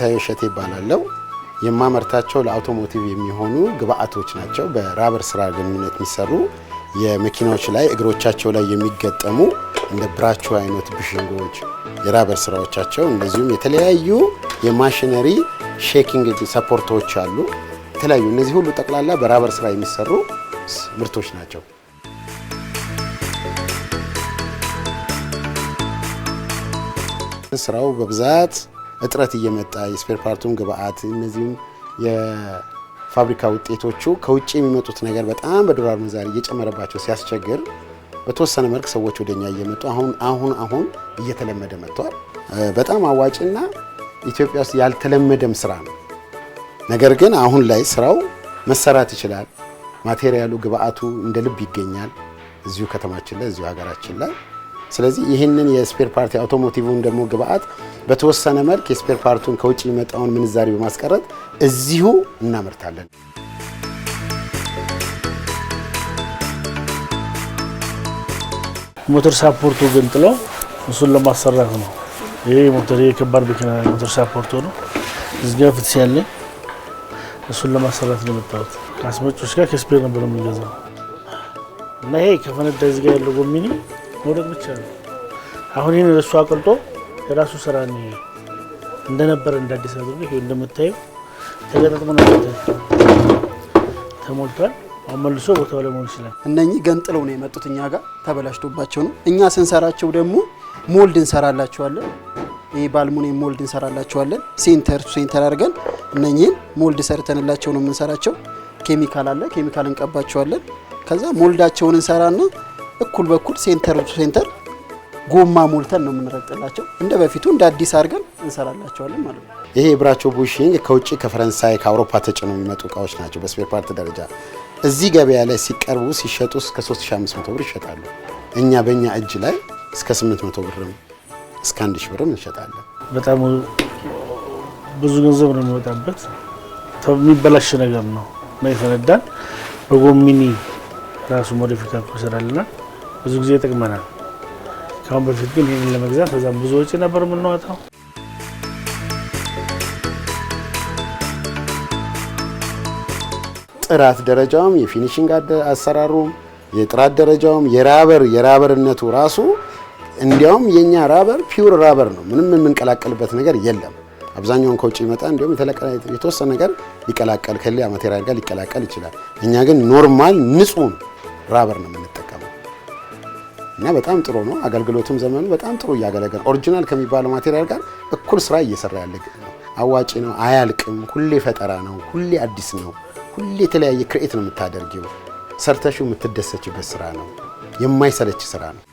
ጌታዬ እሸት ይባላለሁ። የማመርታቸው ለአውቶሞቲቭ የሚሆኑ ግብአቶች ናቸው። በራበር ስራ ግንኙነት የሚሰሩ የመኪናዎች ላይ እግሮቻቸው ላይ የሚገጠሙ እንደ ብራቹ አይነት ብሽንጎች የራበር ስራዎቻቸው፣ እንደዚሁም የተለያዩ የማሽነሪ ሼኪንግ ሰፖርቶች አሉ። የተለያዩ እነዚህ ሁሉ ጠቅላላ በራበር ስራ የሚሰሩ ምርቶች ናቸው። ስራው በብዛት እጥረት እየመጣ የስፔር ፓርቱም ግብአት እነዚህም የፋብሪካ ውጤቶቹ ከውጭ የሚመጡት ነገር በጣም በዶላር ምንዛሪ እየጨመረባቸው ሲያስቸግር በተወሰነ መልክ ሰዎች ወደ እኛ እየመጡ አሁን አሁን አሁን እየተለመደ መጥቷል። በጣም አዋጭና ኢትዮጵያ ውስጥ ያልተለመደም ስራ ነው። ነገር ግን አሁን ላይ ስራው መሰራት ይችላል። ማቴሪያሉ ግብአቱ እንደ ልብ ይገኛል። እዚሁ ከተማችን ላይ እዚሁ ሀገራችን ላይ ስለዚህ ይህንን የስፔር ፓርቲ አውቶሞቲቭን ደግሞ ግብአት በተወሰነ መልክ የስፔር ፓርቱን ከውጭ የሚመጣውን ምንዛሪ በማስቀረት እዚሁ እናመርታለን። ሞተር ሳፖርቱ ግን ገንጥሎ እሱን ለማሰራት ነው። ይሄ ሞተር የከባድ መኪና ሞተር ሳፖርቱ ነው። እዚጋ ፍትስ ያለኝ እሱን ለማሰራት ነው የመጣሁት። ከአስመጮች ጋር ከስፔር ነበር የሚገዛው እና ይሄ ከፈነዳ እዚጋ ያለው ጎሚኒ መውደቅ ብቻ ነው። አሁን ይህን እሱ አቅልጦ የራሱ ስራ እንደነበረ እንደ አዲስ ይሄ እንደምታየው ተገጣጥሞ ነው ተሞልቷል። አመልሶ መልሶ ቦታው ላይ መሆን ይችላል። እነኚህ ገንጥለው ነው የመጡት እኛ ጋር ተበላሽቶባቸው ነው። እኛ ስንሰራቸው ደግሞ ሞልድ እንሰራላቸዋለን። ይህ በአልሙኒየም ሞልድ እንሰራላቸዋለን። ሴንተር ሴንተር አድርገን እነኚህን ሞልድ ሰርተንላቸው ነው የምንሰራቸው። ኬሚካል አለ፣ ኬሚካል እንቀባቸዋለን። ከዛ ሞልዳቸውን እንሰራና እኩል በኩል ሴንተር ሴንተር ጎማ ሞልተን ነው የምንረግጥላቸው። እንደ በፊቱ እንደ አዲስ አድርገን እንሰራላቸዋለን ማለት ነው። ይሄ የብራቸው ቡሽንግ ከውጭ ከፈረንሳይ ከአውሮፓ ተጭነው የሚመጡ እቃዎች ናቸው። በስፔር ፓርት ደረጃ እዚህ ገበያ ላይ ሲቀርቡ ሲሸጡ እስከ 3500 ብር ይሸጣሉ። እኛ በእኛ እጅ ላይ እስከ 800 ብርም እስከ 1000 ብርም እንሸጣለን። በጣም ብዙ ገንዘብ ነው የሚወጣበት። የሚበላሽ ነገር ነው ይፈነዳል። በጎሚኒ ራሱ ሞዲፊካ ይሰራልናል ብዙ ጊዜ ይጠቅመናል። ከአሁን በፊት ግን ይህንን ለመግዛት በዛም ብዙ ወጪ ነበር የምናወጣው። ጥራት ደረጃውም የፊኒሽንግ አሰራሩም የጥራት ደረጃውም የራበር የራበርነቱ ራሱ እንዲያውም የኛ ራበር ፒውር ራበር ነው። ምንም የምንቀላቀልበት ነገር የለም። አብዛኛውን ከውጭ ይመጣ እንዲሁም የተወሰነ ነገር ሊቀላቀል ከሌላ ማቴሪያል ጋር ሊቀላቀል ይችላል። እኛ ግን ኖርማል ንጹህ ራበር ነው የምንጠቀም እና በጣም ጥሩ ነው። አገልግሎቱም ዘመኑ በጣም ጥሩ እያገለገለ ኦሪጂናል ከሚባለው ማቴሪያል ጋር እኩል ስራ እየሰራ ያለ አዋጭ ነው። አያልቅም። ሁሌ ፈጠራ ነው። ሁሌ አዲስ ነው። ሁሌ የተለያየ ክርኤት ነው የምታደርጊው። ሰርተሹ የምትደሰችበት ስራ ነው። የማይሰለች ስራ ነው።